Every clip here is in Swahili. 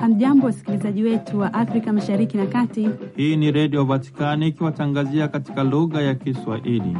Hamjambo, wasikilizaji wetu wa Afrika mashariki na kati. Hii ni Redio Vatikani ikiwatangazia katika lugha ya Kiswahili.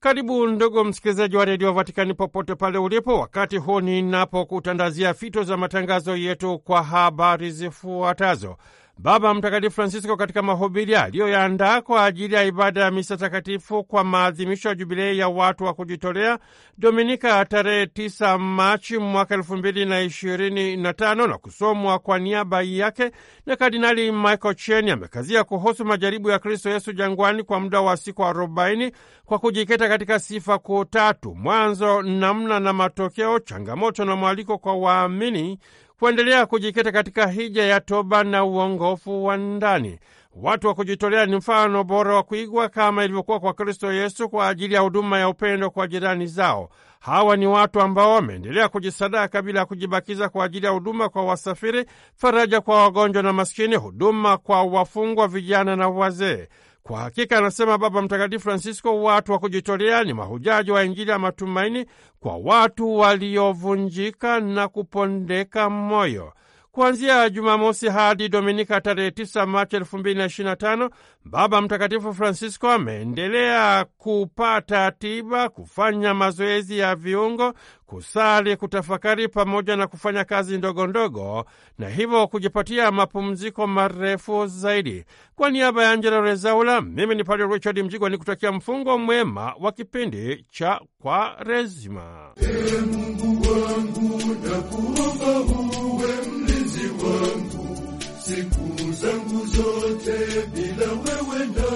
Karibu ndugu msikilizaji wa redio Vatikani popote pale ulipo, wakati huu ninapokutandazia fito za matangazo yetu kwa habari zifuatazo. Baba Mtakatifu Francisco katika mahubiri aliyoyaandaa kwa ajili ya ibada ya misa takatifu kwa maadhimisho ya jubilei ya watu wa kujitolea Dominika tarehe 9 Machi mwaka elfu mbili na ishirini na tano na kusomwa kwa niaba yake na Kardinali Michael Cheni, amekazia kuhusu majaribu ya Kristo Yesu jangwani kwa muda wa siku arobaini kwa kujiketa katika sifa kuu tatu: mwanzo, namna na matokeo, changamoto na mwaliko kwa waamini kuendelea kujikita katika hija ya toba na uongofu wa ndani. Watu wa kujitolea ni mfano bora wa kuigwa kama ilivyokuwa kwa Kristo Yesu kwa ajili ya huduma ya upendo kwa jirani zao. Hawa ni watu ambao wameendelea kujisadaka bila ya kujibakiza kwa ajili ya huduma kwa wasafiri, faraja kwa wagonjwa na maskini, huduma kwa wafungwa, vijana na wazee. Kwa hakika, anasema Baba Mtakatifu Francisco, watu wa kujitolea ni mahujaji wa Injili ya matumaini kwa watu waliovunjika na kupondeka moyo kuanzia Jumamosi hadi Dominika tarehe 9 Machi 2025, Baba Mtakatifu Francisco ameendelea kupata tiba, kufanya mazoezi ya viungo, kusali, kutafakari pamoja na kufanya kazi ndogo ndogo, na hivyo kujipatia mapumziko marefu zaidi. Kwa niaba ya Angela Rezaula, mimi ni Padre Richard Mjigwa ni kutakia mfungo mwema wa kipindi cha Kwaresima. Ee Mungu wangu, nakuomba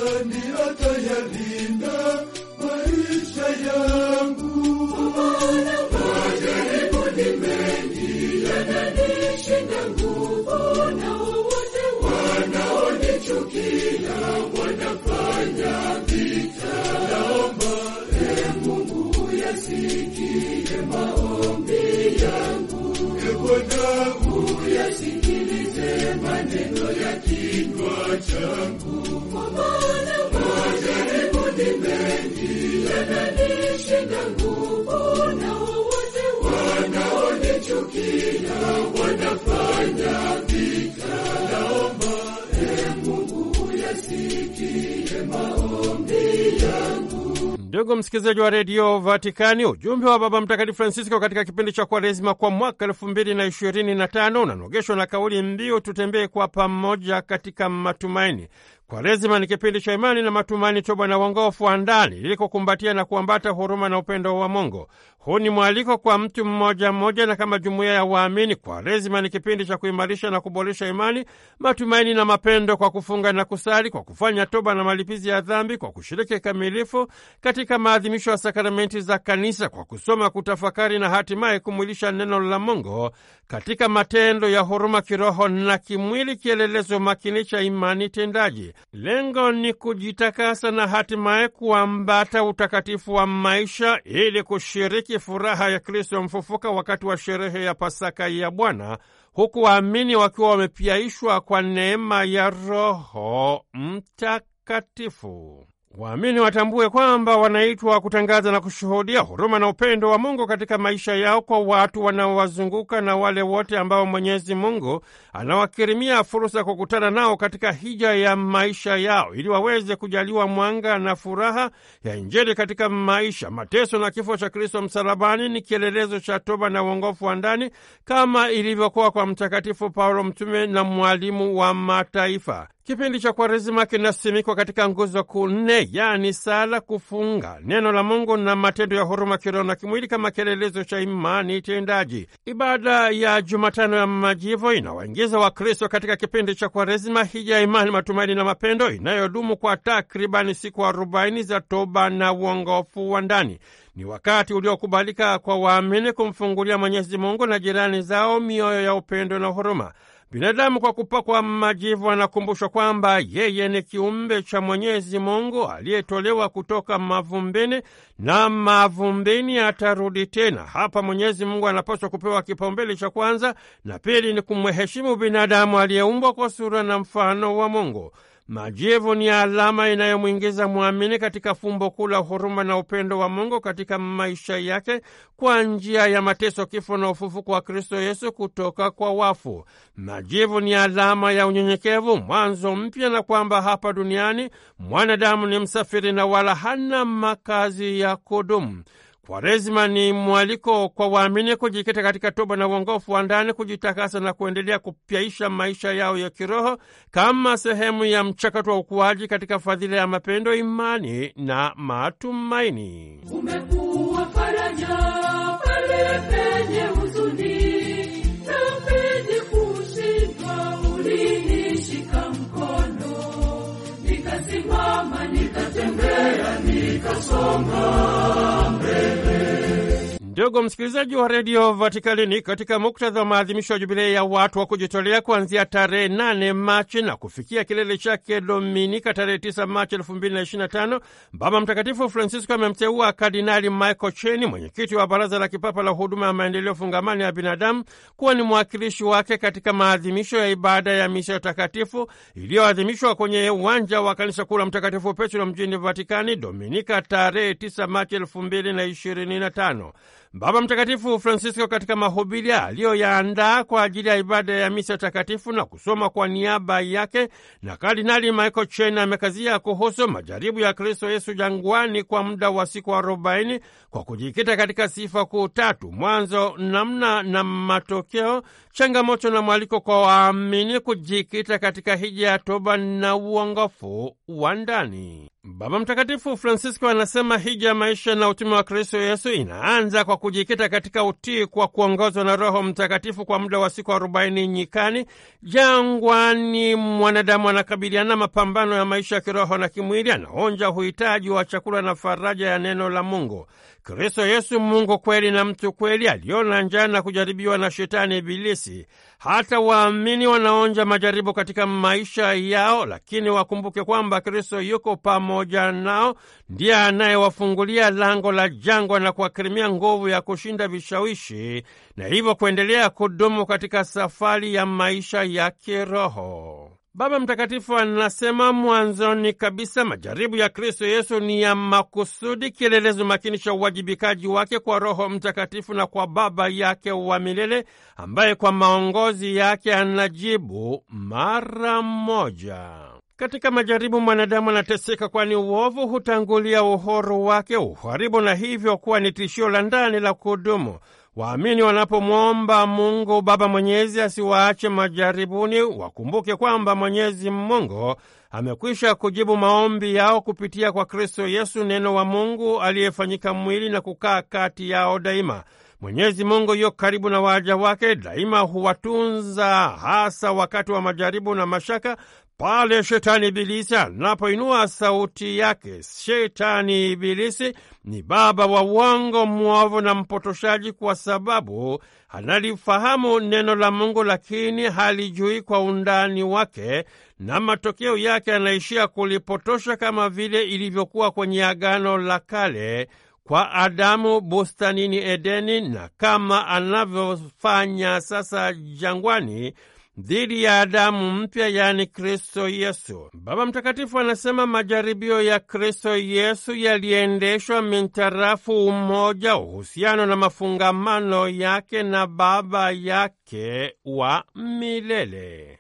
Nilota. sina nguvu na wanaonichukia wanafanya vita. Naomba e Mungu yasikie maombi yangu. Ndugu msikilizaji wa redio Vatikani, ujumbe wa Baba Mtakatifu Francisco katika kipindi cha Kwaresima kwa mwaka elfu mbili na ishirini na tano unanogeshwa na kauli mbiu tutembee kwa pamoja katika matumaini. Kwaresima ni kipindi cha imani na matumaini, toba na uongofu wa ndani, ili kukumbatia na kuambata huruma na upendo wa Mungu. Huu ni mwaliko kwa mtu mmoja mmoja na kama jumuiya ya waamini. Kwaresima ni kipindi cha kuimarisha na kuboresha imani, matumaini na mapendo, kwa kufunga na kusali, kwa kufanya toba na malipizi ya dhambi, kwa kushiriki kamilifu katika maadhimisho ya sakramenti za Kanisa, kwa kusoma, kutafakari na hatimaye kumwilisha neno la Mungu katika matendo ya huruma kiroho na kimwili, kielelezo makini cha imani tendaji. Lengo ni kujitakasa na hatimaye kuambata utakatifu wa maisha ili kushiriki furaha ya Kristo mfufuka wakati wa sherehe ya Pasaka ya Bwana, huku waamini wakiwa wamepiaishwa kwa neema ya Roho Mtakatifu. Waamini watambue kwamba wanaitwa kutangaza na kushuhudia huruma na upendo wa Mungu katika maisha yao kwa watu wanaowazunguka na wale wote ambao Mwenyezi Mungu anawakirimia fursa ya kukutana nao katika hija ya maisha yao, ili waweze kujaliwa mwanga na furaha ya Injili katika maisha. Mateso na kifo cha Kristo msalabani ni kielelezo cha toba na uongofu wa ndani, kama ilivyokuwa kwa Mtakatifu Paulo mtume na mwalimu wa mataifa. Kipindi cha Kwaresima kinasimikwa katika nguzo kuu nne, yaani sala, kufunga, neno la Mungu na matendo ya huruma kiroho na kimwili, kama kielelezo cha imani itendaji. Ibada ya Jumatano ya Majivu inawaingiza Wakristo katika kipindi cha Kwaresima, hija ya imani, matumaini na mapendo, inayodumu kwa takribani siku arobaini za toba na uongofu wa ndani. Ni wakati uliokubalika kwa waamini kumfungulia Mwenyezi Mungu na jirani zao mioyo ya upendo na huruma. Binadamu kwa kupakwa majivu anakumbushwa kwamba yeye ni kiumbe cha Mwenyezi Mungu aliyetolewa kutoka mavumbini na mavumbini atarudi tena. Hapa Mwenyezi Mungu anapaswa kupewa kipaumbele cha kwanza, na pili ni kumheshimu binadamu aliyeumbwa kwa sura na mfano wa Mungu. Majivu ni alama inayomwingiza mwamini katika fumbo kuu la huruma na upendo wa Mungu katika maisha yake kwa njia ya mateso, kifo na ufufuko wa Kristo Yesu kutoka kwa wafu. Majivu ni alama ya unyenyekevu, mwanzo mpya, na kwamba hapa duniani mwanadamu ni msafiri na wala hana makazi ya kudumu. Kwaresima ni mwaliko kwa waamini kujikita katika toba na uongofu wa ndani, kujitakasa na kuendelea kupyaisha maisha yao ya kiroho kama sehemu ya mchakato wa ukuaji katika fadhila ya mapendo, imani na matumaini. Umekuwa faraja, faraja. nikasonga mbele Ndugu msikilizaji wa redio Vatikanini, katika muktadha wa maadhimisho ya jubilei ya watu wa kujitolea kuanzia tarehe 8 Machi na kufikia kilele chake Dominika tarehe 9 Machi tano Baba Mtakatifu Francisco amemteua Kardinali Michael Cheni, mwenyekiti wa Baraza la Kipapa la Huduma ya Maendeleo Fungamani ya Binadamu, kuwa ni mwakilishi wake katika maadhimisho ya ibada ya misa takatifu iliyoadhimishwa kwenye uwanja wa kanisa kuu la Mtakatifu Petro mjini Vatikani, Dominika tarehe 9 Machi na tano. Baba Mtakatifu Francisco katika mahubiri aliyoyaandaa kwa ajili ya ibada ya misa takatifu na kusoma kwa niaba yake, na Kardinali Michael Chen amekazia kuhusu majaribu ya Kristo Yesu jangwani kwa muda wa siku arobaini kwa kujikita katika sifa kuu tatu: mwanzo, namna na matokeo, changamoto na mwaliko kwa waamini kujikita katika hija ya toba na uongofu wa ndani. Baba Mtakatifu Francisco anasema hija ya maisha na utume wa Kristo Yesu inaanza kwa kujikita katika utii kwa kuongozwa na Roho Mtakatifu kwa muda wa siku arobaini nyikani, jangwani. Mwanadamu anakabiliana mapambano ya maisha ya kiroho na kimwili, anaonja uhitaji wa chakula na faraja ya neno la Mungu. Kristo Yesu, Mungu kweli na mtu kweli, aliona njaa na kujaribiwa na Shetani Ibilisi Kristo. Hata waamini wanaonja majaribu katika maisha yao, lakini wakumbuke kwamba Kristo yuko pamoja nao, ndiye anayewafungulia lango la jangwa na kuwakirimia nguvu ya kushinda vishawishi na hivyo kuendelea kudumu katika safari ya maisha ya kiroho. Baba Mtakatifu anasema mwanzoni kabisa majaribu ya Kristo Yesu ni ya makusudi, kielelezo makini cha uwajibikaji wake kwa Roho Mtakatifu na kwa Baba yake wa milele, ambaye kwa maongozi yake anajibu mara moja. Katika majaribu mwanadamu anateseka, kwani uovu hutangulia uhuru wake, uharibu na hivyo kuwa ni tishio la ndani la kudumu. Waamini wanapomwomba Mungu Baba Mwenyezi asiwaache majaribuni, wakumbuke kwamba Mwenyezi Mungu amekwisha kujibu maombi yao kupitia kwa Kristo Yesu, neno wa Mungu aliyefanyika mwili na kukaa kati yao daima. Mwenyezi Mungu yuko karibu na waja wake daima, huwatunza hasa wakati wa majaribu na mashaka, pale shetani ibilisi anapoinua sauti yake, shetani ibilisi ni baba wa uongo, mwovu na mpotoshaji, kwa sababu analifahamu neno la Mungu lakini halijui kwa undani wake, na matokeo yake anaishia kulipotosha, kama vile ilivyokuwa kwenye Agano la Kale kwa Adamu bustanini Edeni, na kama anavyofanya sasa jangwani dhidi ya Adamu mpya, yaani Kristo Yesu. Baba Mtakatifu anasema majaribio ya Kristo Yesu yaliendeshwa mintarafu umoja, uhusiano na mafungamano yake na Baba yake wa milele.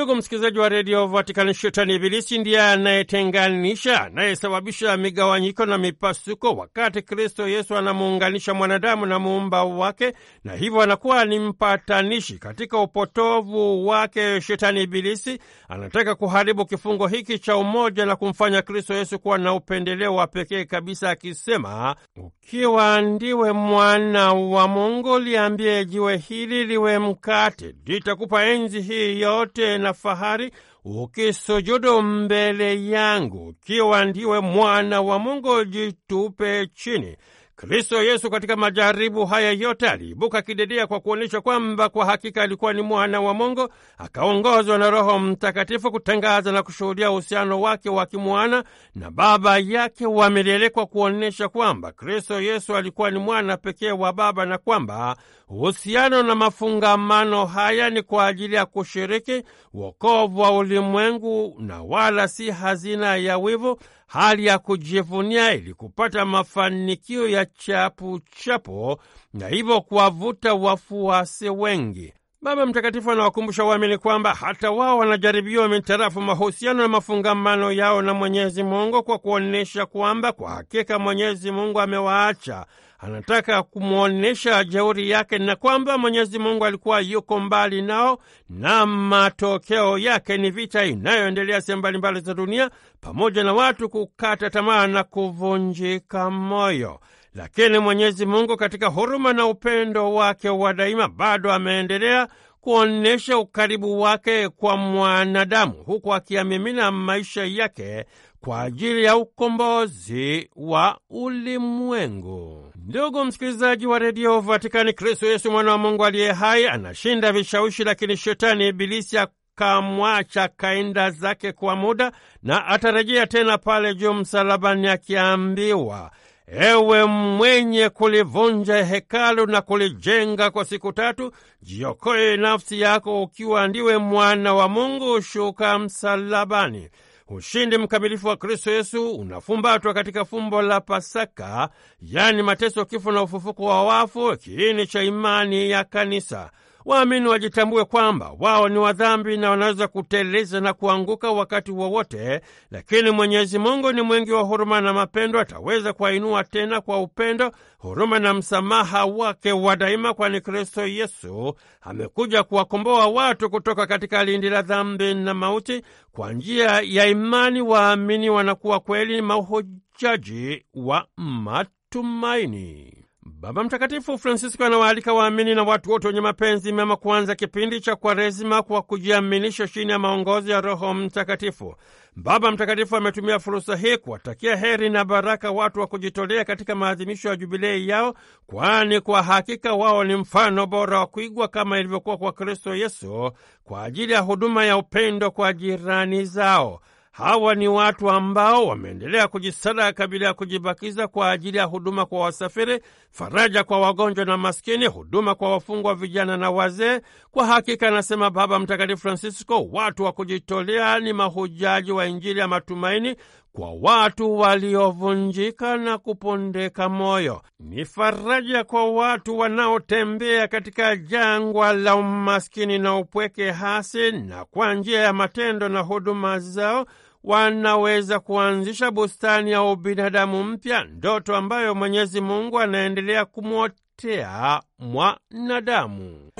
Ndugu msikilizaji wa redio Vatikani, shetani Ibilisi ndiye anayetenganisha, anayesababisha migawanyiko na mipasuko, wakati Kristo Yesu anamuunganisha mwanadamu na muumba wake, na hivyo anakuwa ni mpatanishi. Katika upotovu wake, shetani Ibilisi anataka kuharibu kifungo hiki cha umoja na kumfanya Kristo Yesu kuwa na upendeleo wa pekee kabisa, akisema, ukiwa ndiwe mwana wa Mungu, liambie jiwe hili liwe mkate, litakupa enzi hii yote na na fahari, ukisujudu mbele yangu, kiwa ndiwe mwana wa Mungu, jitupe chini. Kristo Yesu katika majaribu haya yote aliibuka kidedea kwa kuonyesha kwamba kwa hakika alikuwa ni mwana wa Mungu. Akaongozwa na Roho Mtakatifu kutangaza na kushuhudia uhusiano wake wa kimwana na Baba yake wa milele, kwa kuonyesha kwamba Kristo Yesu alikuwa ni mwana pekee wa Baba na kwamba Uhusiano na mafungamano haya ni kwa ajili ya kushiriki wokovu wa ulimwengu na wala si hazina ya wivu, hali ya kujivunia, ili kupata mafanikio ya chapuchapo na hivyo kuwavuta wafuasi wengi. Baba Mtakatifu anawakumbusha waamini kwamba hata wao wanajaribiwa mitarafu mahusiano na mafungamano yao na Mwenyezi Mungu, kwa kuonyesha kwamba kwa hakika Mwenyezi Mungu amewaacha. Anataka kumwonyesha jeuri yake na kwamba Mwenyezi Mungu alikuwa yuko mbali nao, na matokeo yake ni vita inayoendelea sehemu mbalimbali za dunia, pamoja na watu kukata tamaa na kuvunjika moyo lakini Mwenyezi Mungu katika huruma na upendo wake wa daima bado ameendelea kuonyesha ukaribu wake kwa mwanadamu huku akiyamimina maisha yake kwa ajili ya ukombozi wa ulimwengu. Ndugu msikilizaji wa redio Vatikani, kristu Yesu mwana wa Mungu aliye hai anashinda vishawishi, lakini shetani Ibilisi akamwacha kaenda zake kwa muda, na atarejea tena pale juu msalabani akiambiwa Ewe mwenye kulivunja hekalu na kulijenga kwa siku tatu, jiokoe nafsi yako ukiwa ndiwe mwana wa Mungu, shuka msalabani. Ushindi mkamilifu wa Kristo Yesu unafumbatwa katika fumbo la Pasaka, yaani mateso, kifo na ufufuko wa wafu, kiini cha imani ya kanisa waamini wajitambue kwamba wao ni wadhambi na wanaweza kuteleza na kuanguka wakati wowote, lakini Mwenyezi Mungu ni mwingi wa huruma na mapendo, ataweza kuwainua tena kwa upendo, huruma na msamaha wake wa daima, kwani Kristo Yesu amekuja kuwakomboa watu kutoka katika lindi la dhambi na mauti. Kwa njia ya imani, waamini wanakuwa kweli mahujaji wa matumaini. Baba Mtakatifu Francisco anawaalika waamini na watu wote wenye mapenzi mema kuanza kipindi cha Kwaresima kwa kujiaminisha chini ya maongozi ya Roho Mtakatifu. Baba Mtakatifu ametumia fursa hii kuwatakia heri na baraka watu wa kujitolea katika maadhimisho ya jubilei yao, kwani kwa hakika wao ni mfano bora wa kuigwa kama ilivyokuwa kwa Kristo Yesu kwa ajili ya huduma ya upendo kwa jirani zao. Hawa ni watu ambao wameendelea kujisadaka bila ya kujibakiza kwa ajili ya huduma kwa wasafiri, faraja kwa wagonjwa na maskini, huduma kwa wafungwa, vijana na wazee. Kwa hakika, anasema Baba Mtakatifu Francisco, watu wa kujitolea ni mahujaji wa Injili ya matumaini kwa watu waliovunjika na kupondeka moyo, ni faraja kwa watu wanaotembea katika jangwa la umaskini na upweke hasi, na kwa njia ya matendo na huduma zao wanaweza kuanzisha bustani ya ubinadamu mpya, ndoto ambayo Mwenyezi Mungu anaendelea kumwotea mwanadamu.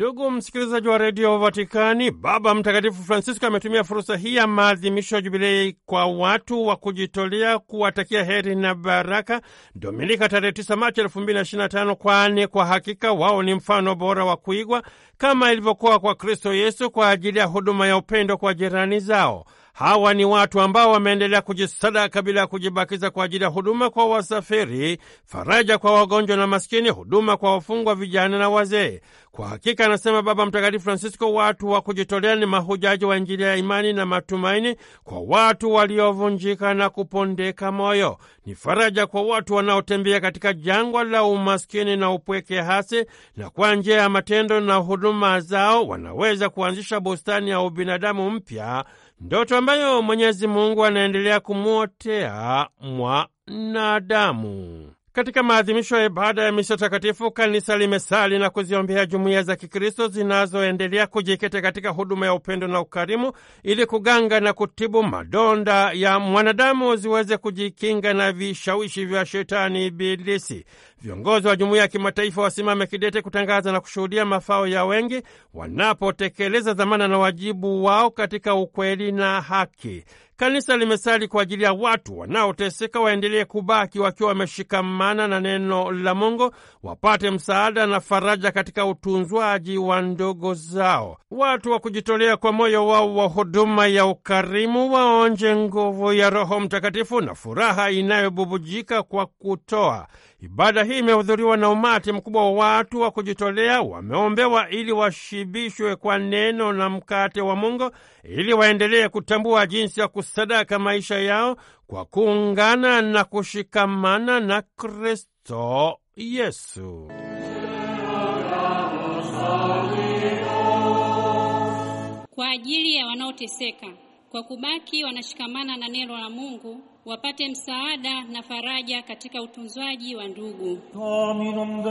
Ndugu msikilizaji wa redio Vatikani, Baba Mtakatifu Francisco ametumia fursa hii ya maadhimisho ya jubilei kwa watu wa kujitolea kuwatakia heri na baraka Dominika tarehe 9 Machi 2025, kwani kwa hakika wao ni mfano bora wa kuigwa kama ilivyokuwa kwa Kristo Yesu kwa ajili ya huduma ya upendo kwa jirani zao. Hawa ni watu ambao wameendelea kujisadaka bila ya kujibakiza kwa ajili ya huduma kwa wasafiri, faraja kwa wagonjwa na maskini, huduma kwa wafungwa, vijana na wazee. Kwa hakika, anasema Baba Mtakatifu Francisco, watu wa kujitolea ni mahujaji wa Injili ya imani na matumaini kwa watu waliovunjika na kupondeka moyo. Ni faraja kwa watu wanaotembea katika jangwa la umaskini na upweke hasi, na kwa njia ya matendo na huduma zao wanaweza kuanzisha bustani ya ubinadamu mpya, ndoto ambayo Mwenyezi Mungu anaendelea kumwotea mwanadamu. Katika maadhimisho ya ibada ya misa takatifu, kanisa limesali na kuziombea jumuiya za Kikristo zinazoendelea kujikita katika huduma ya upendo na ukarimu, ili kuganga na kutibu madonda ya mwanadamu, ziweze kujikinga na vishawishi vya shetani Ibilisi viongozi wa jumuiya ya kimataifa wasimame kidete kutangaza na kushuhudia mafao ya wengi wanapotekeleza dhamana na wajibu wao katika ukweli na haki. Kanisa limesali kwa ajili ya watu wanaoteseka, waendelee kubaki wakiwa wameshikamana na neno la Mungu, wapate msaada na faraja katika utunzwaji wa ndogo zao. Watu wa kujitolea kwa moyo wao wa huduma ya ukarimu waonje nguvu ya Roho Mtakatifu na furaha inayobubujika kwa kutoa Ibada hii imehudhuriwa na umati mkubwa wa watu wa kujitolea, wameombewa ili washibishwe kwa neno na mkate wa Mungu, ili waendelee kutambua jinsi ya kusadaka maisha yao kwa kuungana na kushikamana na Kristo Yesu. Kwa ajili ya wanaoteseka kwa kubaki wanashikamana na neno la Mungu wapate msaada na faraja katika utunzwaji wa ndugu. Dominum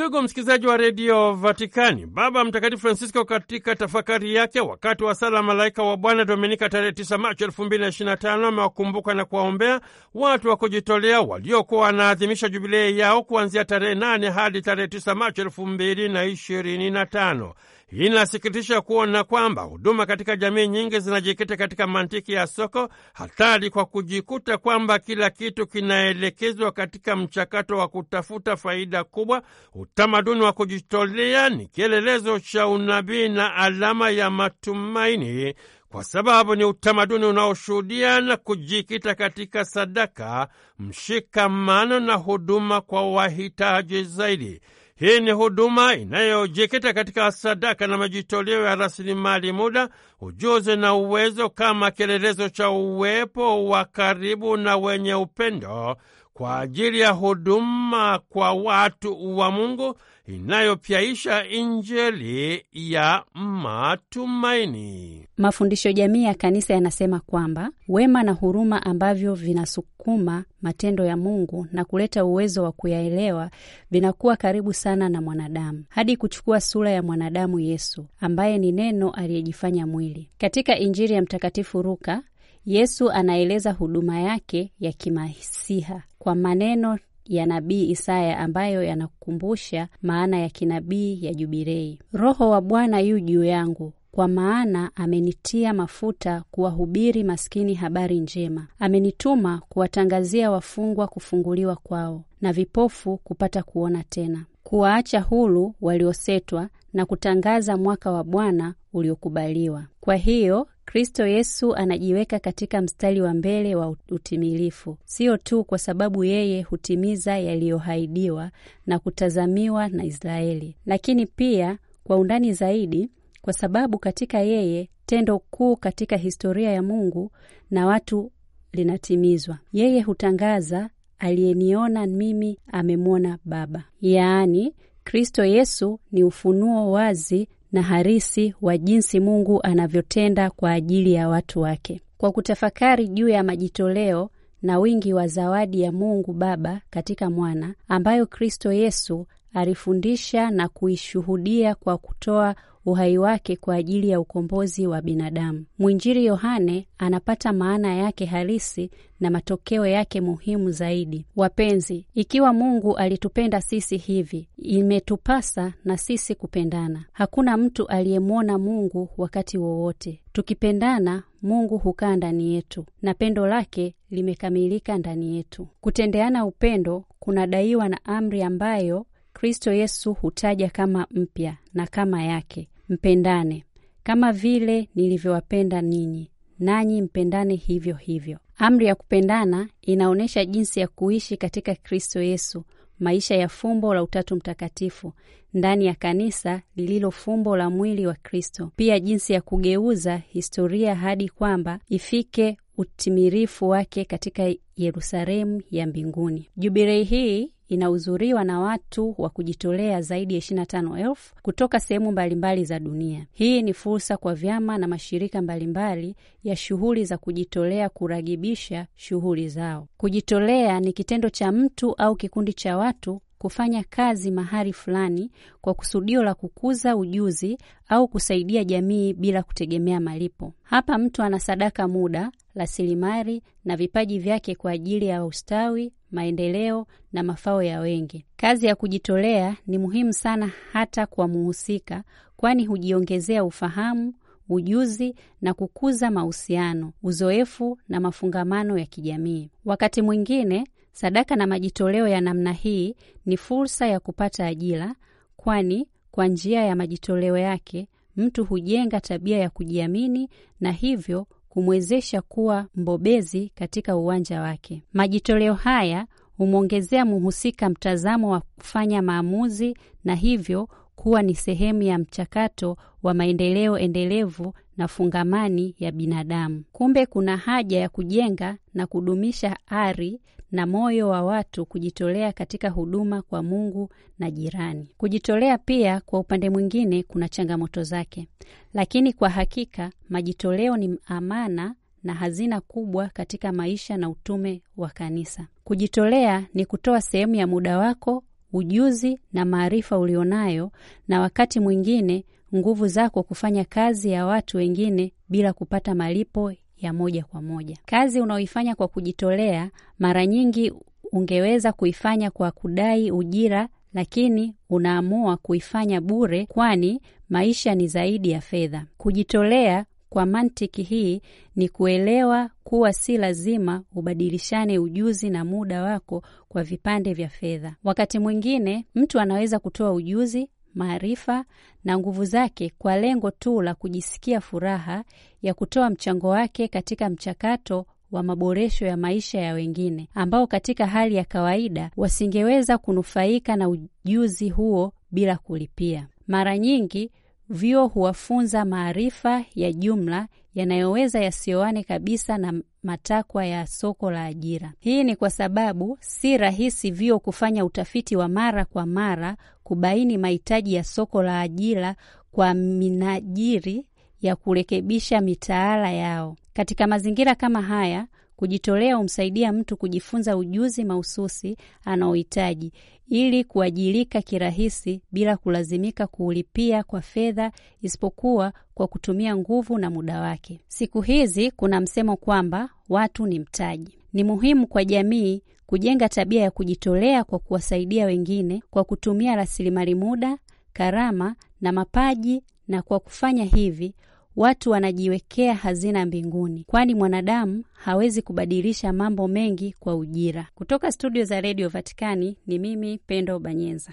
Ndugu msikilizaji wa redio Vatikani, Baba Mtakatifu Francisco katika tafakari yake wakati wa sala malaika wa Bwana Dominika tarehe 9 Machi 2025 amewakumbuka na kuwaombea watu wa kujitolea waliokuwa wanaadhimisha jubilei yao kuanzia tarehe 8 hadi tarehe 9 Machi 2025. Inasikitisha kuona kwamba huduma katika jamii nyingi zinajikita katika mantiki ya soko, hatari kwa kujikuta kwamba kila kitu kinaelekezwa katika mchakato wa kutafuta faida kubwa Utamaduni wa kujitolea ni kielelezo cha unabii na alama ya matumaini, kwa sababu ni utamaduni unaoshuhudia na kujikita katika sadaka, mshikamano na huduma kwa wahitaji zaidi. Hii ni huduma inayojikita katika sadaka na majitoleo ya rasilimali muda, ujuzi na uwezo, kama kielelezo cha uwepo wa karibu na wenye upendo kwa ajili ya huduma kwa watu wa Mungu inayopyaisha Injili ya matumaini. Mafundisho jamii ya kanisa yanasema kwamba wema na huruma ambavyo vinasukuma matendo ya Mungu na kuleta uwezo wa kuyaelewa vinakuwa karibu sana na mwanadamu hadi kuchukua sura ya mwanadamu Yesu ambaye ni neno aliyejifanya mwili. Katika Injili ya Mtakatifu Luka Yesu anaeleza huduma yake ya kimasiha kwa maneno ya nabii Isaya ambayo yanakumbusha maana ya kinabii ya Jubilei. Roho wa Bwana yu juu yangu kwa maana amenitia mafuta kuwahubiri maskini habari njema, amenituma kuwatangazia wafungwa kufunguliwa kwao, na vipofu kupata kuona tena, kuwaacha huru waliosetwa, na kutangaza mwaka wa Bwana uliokubaliwa. Kwa hiyo Kristo Yesu anajiweka katika mstari wa mbele wa utimilifu, sio tu kwa sababu yeye hutimiza yaliyohaidiwa na kutazamiwa na Israeli, lakini pia kwa undani zaidi kwa sababu katika yeye tendo kuu katika historia ya Mungu na watu linatimizwa. Yeye hutangaza, aliyeniona mimi amemwona Baba. Yaani, Kristo Yesu ni ufunuo wazi na harisi wa jinsi Mungu anavyotenda kwa ajili ya watu wake. Kwa kutafakari juu ya majitoleo na wingi wa zawadi ya Mungu Baba katika Mwana ambayo Kristo Yesu alifundisha na kuishuhudia kwa kutoa uhai wake kwa ajili ya ukombozi wa binadamu. Mwinjili Yohane anapata maana yake halisi na matokeo yake muhimu zaidi. Wapenzi, ikiwa Mungu alitupenda sisi hivi, imetupasa na sisi kupendana. Hakuna mtu aliyemwona Mungu wakati wowote. Tukipendana, Mungu hukaa ndani yetu na pendo lake limekamilika ndani yetu. Kutendeana upendo kunadaiwa na amri ambayo Kristo Yesu hutaja kama mpya na kama yake, mpendane kama vile nilivyowapenda ninyi, nanyi mpendane hivyo hivyo. Amri ya kupendana inaonyesha jinsi ya kuishi katika Kristo Yesu maisha ya fumbo la Utatu Mtakatifu ndani ya kanisa lililo fumbo la mwili wa Kristo, pia jinsi ya kugeuza historia hadi kwamba ifike utimirifu wake katika Yerusalemu ya mbinguni. Jubilei hii inahudhuriwa na watu wa kujitolea zaidi ya ishirini tano elfu kutoka sehemu mbalimbali za dunia. Hii ni fursa kwa vyama na mashirika mbalimbali ya shughuli za kujitolea kuragibisha shughuli zao. Kujitolea ni kitendo cha mtu au kikundi cha watu kufanya kazi mahali fulani kwa kusudio la kukuza ujuzi au kusaidia jamii bila kutegemea malipo. Hapa mtu anasadaka muda, rasilimali na vipaji vyake kwa ajili ya ustawi maendeleo na mafao ya wengi. Kazi ya kujitolea ni muhimu sana hata kwa muhusika, kwani hujiongezea ufahamu, ujuzi na kukuza mahusiano, uzoefu na mafungamano ya kijamii. Wakati mwingine sadaka na majitoleo ya namna hii ni fursa ya kupata ajira, kwani kwa njia ya majitoleo yake mtu hujenga tabia ya kujiamini na hivyo kumwezesha kuwa mbobezi katika uwanja wake. Majitoleo haya humwongezea mhusika mtazamo wa kufanya maamuzi na hivyo kuwa ni sehemu ya mchakato wa maendeleo endelevu na fungamani ya binadamu. Kumbe kuna haja ya kujenga na kudumisha ari na moyo wa watu kujitolea katika huduma kwa Mungu na jirani. Kujitolea pia, kwa upande mwingine, kuna changamoto zake, lakini kwa hakika majitoleo ni amana na hazina kubwa katika maisha na utume wa kanisa. Kujitolea ni kutoa sehemu ya muda wako, ujuzi na maarifa ulionayo, na wakati mwingine nguvu zako kufanya kazi ya watu wengine bila kupata malipo ya moja kwa moja. Kazi unaoifanya kwa kujitolea, mara nyingi ungeweza kuifanya kwa kudai ujira, lakini unaamua kuifanya bure, kwani maisha ni zaidi ya fedha. Kujitolea kwa mantiki hii ni kuelewa kuwa si lazima ubadilishane ujuzi na muda wako kwa vipande vya fedha. Wakati mwingine mtu anaweza kutoa ujuzi maarifa na nguvu zake kwa lengo tu la kujisikia furaha ya kutoa mchango wake katika mchakato wa maboresho ya maisha ya wengine ambao katika hali ya kawaida wasingeweza kunufaika na ujuzi huo bila kulipia. Mara nyingi vyuo huwafunza maarifa ya jumla yanayoweza yasioane kabisa na matakwa ya soko la ajira. Hii ni kwa sababu si rahisi vyuo kufanya utafiti wa mara kwa mara kubaini mahitaji ya soko la ajira kwa minajiri ya kurekebisha mitaala yao. Katika mazingira kama haya, Kujitolea humsaidia mtu kujifunza ujuzi mahususi anaohitaji ili kuajirika kirahisi bila kulazimika kuulipia kwa fedha, isipokuwa kwa kutumia nguvu na muda wake. Siku hizi kuna msemo kwamba watu ni mtaji. Ni muhimu kwa jamii kujenga tabia ya kujitolea kwa kuwasaidia wengine kwa kutumia rasilimali muda, karama na mapaji, na kwa kufanya hivi watu wanajiwekea hazina mbinguni, kwani mwanadamu hawezi kubadilisha mambo mengi kwa ujira. Kutoka studio za redio Vatikani ni mimi Pendo Banyenza.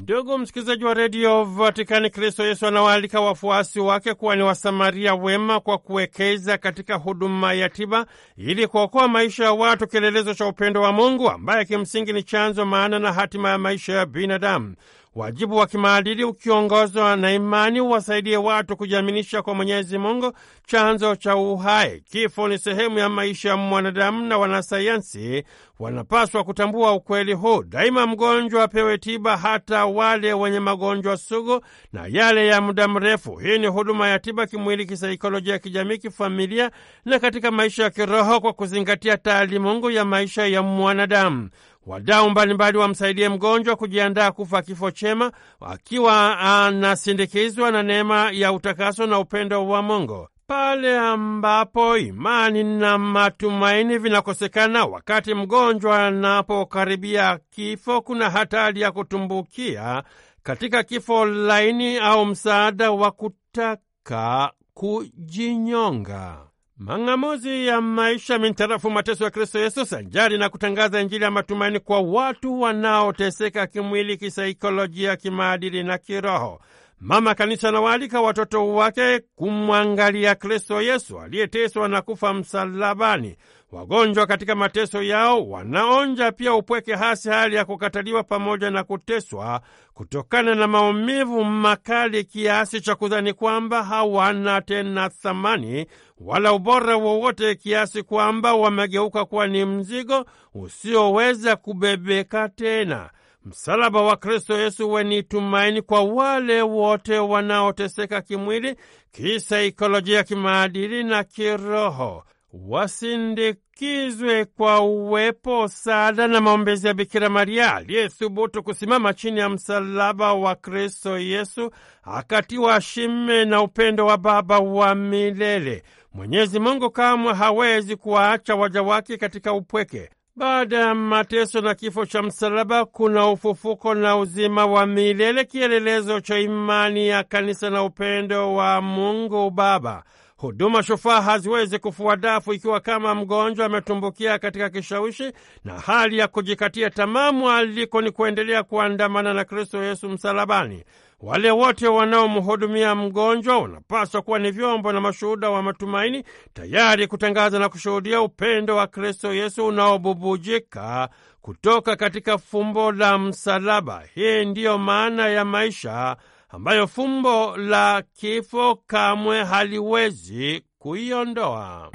Ndugu msikilizaji wa redio Vatikani, Kristo Yesu anawaalika wafuasi wake kuwa ni Wasamaria wema kwa kuwekeza katika huduma ya tiba ili kuokoa maisha ya watu, kielelezo cha upendo wa Mungu ambaye kimsingi ni chanzo, maana na hatima ya maisha ya binadamu wajibu wa kimaadili ukiongozwa na imani uwasaidie watu kujiaminisha kwa Mwenyezi Mungu, chanzo cha uhai. Kifo ni sehemu ya maisha ya mwanadamu na wanasayansi wanapaswa kutambua ukweli huu. Daima mgonjwa apewe tiba, hata wale wenye magonjwa sugu na yale ya muda mrefu. Hii ni huduma ya tiba kimwili, kisaikolojia, kijamii, kifamilia na katika maisha ya kiroho, kwa kuzingatia taalimungu ya maisha ya mwanadamu. Wadau mbalimbali wamsaidie mgonjwa kujiandaa kufa kifo chema, akiwa anasindikizwa na neema ya utakaso na upendo wa Mungu. Pale ambapo imani na matumaini vinakosekana wakati mgonjwa anapokaribia kifo, kuna hatari ya kutumbukia katika kifo laini au msaada wa kutaka kujinyonga mang'amuzi ya maisha mintarafu mateso ya Kristo Yesu sanjari na kutangaza Injili ya matumaini kwa watu wanaoteseka kimwili, kisaikolojia, kimaadili na kiroho. Mama Kanisa anawaalika watoto wake kumwangalia Kristo Yesu aliyeteswa na kufa msalabani. Wagonjwa katika mateso yao wanaonja pia upweke hasi, hali ya kukataliwa pamoja na kuteswa kutokana na maumivu makali kiasi cha kudhani kwamba hawana tena thamani wala ubora wowote, kiasi kwamba wamegeuka kuwa ni mzigo usioweza kubebeka tena. Msalaba wa Kristo Yesu weni tumaini kwa wale wote wanaoteseka kimwili, kisaikolojia, kimaadili na kiroho, wasindikizwe kwa uwepo, sada na maombezi ya Bikira Maria aliyethubutu kusimama chini ya msalaba wa Kristo Yesu, akatiwa shime na upendo wa Baba wa milele. Mwenyezi Mungu kamwe hawezi kuwaacha waja wake katika upweke. Baada ya mateso na kifo cha msalaba kuna ufufuko na uzima wa milele, kielelezo cha imani ya kanisa na upendo wa Mungu Baba. Huduma shufaa haziwezi kufua dafu ikiwa kama mgonjwa ametumbukia katika kishawishi na hali ya kujikatia tamaa, mwaliko ni kuendelea kuandamana na Kristo Yesu msalabani. Wale wote wanaomhudumia mgonjwa wanapaswa kuwa ni vyombo na mashuhuda wa matumaini, tayari kutangaza na kushuhudia upendo wa Kristo Yesu unaobubujika kutoka katika fumbo la msalaba. Hii ndiyo maana ya maisha ambayo fumbo la kifo kamwe haliwezi kuiondoa.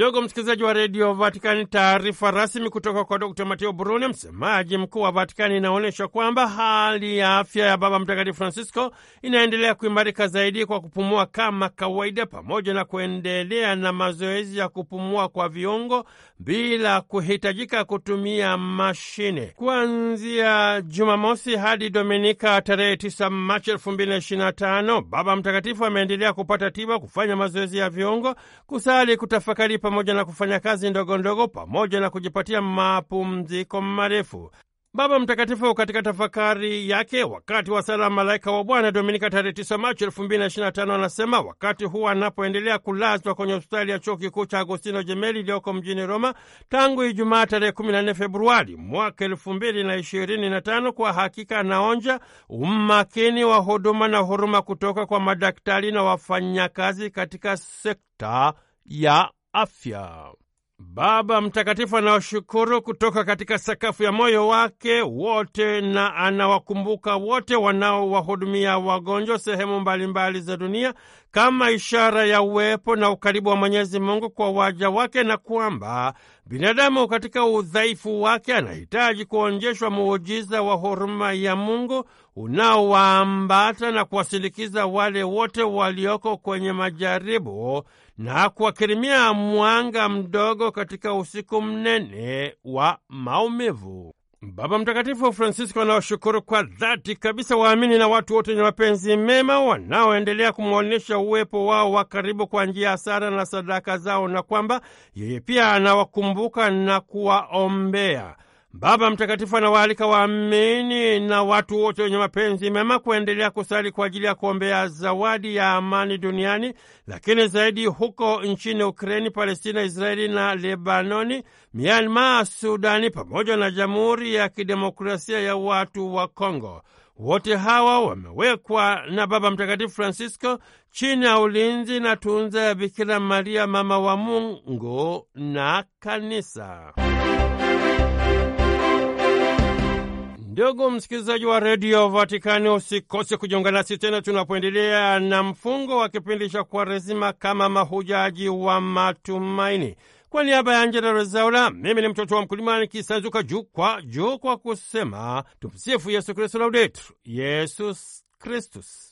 Ndugu msikilizaji wa redio Vatikani, taarifa rasmi kutoka kwa Dr Mateo Bruni, msemaji mkuu wa Vatikani, inaonyesha kwamba hali ya afya ya Baba Mtakatifu Francisco inaendelea kuimarika zaidi kwa kupumua kama kawaida, pamoja na kuendelea na mazoezi ya kupumua kwa viungo bila kuhitajika kutumia mashine. Kuanzia Jumamosi hadi Dominika tarehe 9 Machi 2025, Baba Mtakatifu ameendelea kupata tiba, kufanya mazoezi ya viungo, kusali, kutafakari pamoja na kufanya kazi ndogo ndogo pamoja na kujipatia mapumziko marefu. Baba Mtakatifu katika tafakari yake wakati wa sala Malaika wa Bwana Dominika tarehe 9 Machi 2025 anasema wakati huu anapoendelea kulazwa kwenye hospitali ya chuo kikuu cha Agostino Jemeli iliyoko mjini Roma tangu Ijumaa tarehe 14 Februari mwaka 2025, kwa hakika anaonja umakini wa huduma na huruma kutoka kwa madaktari na wafanyakazi katika sekta ya afya. Baba Mtakatifu anawashukuru kutoka katika sakafu ya moyo wake wote na anawakumbuka wote wanaowahudumia wagonjwa sehemu mbalimbali za dunia kama ishara ya uwepo na ukaribu wa Mwenyezi Mungu kwa waja wake na kwamba binadamu katika udhaifu wake anahitaji kuonjeshwa muujiza wa huruma ya Mungu unaowaambata na kuwasindikiza wale wote walioko kwenye majaribu na kuwakirimia mwanga mdogo katika usiku mnene wa maumivu. Baba Mtakatifu Francisco anawashukuru kwa dhati kabisa waamini na watu wote wenye mapenzi mema wanaoendelea kumwonyesha uwepo wao wa karibu kwa njia ya sala na sadaka zao, na kwamba yeye pia anawakumbuka na kuwaombea. Baba Mtakatifu anawaalika waamini na watu wote wenye mapenzi mema kuendelea kusali kwa ajili ya kuombea zawadi ya amani duniani, lakini zaidi huko nchini Ukraini, Palestina, Israeli na Lebanoni, Myanmar, Sudani pamoja na Jamhuri ya Kidemokrasia ya Watu wa Kongo. Wote hawa wamewekwa na Baba Mtakatifu Francisco chini ya ulinzi na tunza ya Bikira Maria, mama wa Mungu na Kanisa. Ndugu msikilizaji wa redio Vatikani, usikose kujiunga nasi tena tunapoendelea na mfungo wa kipindi cha Kwaresima kama mahujaji wa matumaini. Kwa niaba ya Angela Rezaula, mimi ni mtoto wa mkulima nikisanzuka juu kwa juu kwa kusema tumsifu Yesu Kristu, laudetur Yesus Kristus.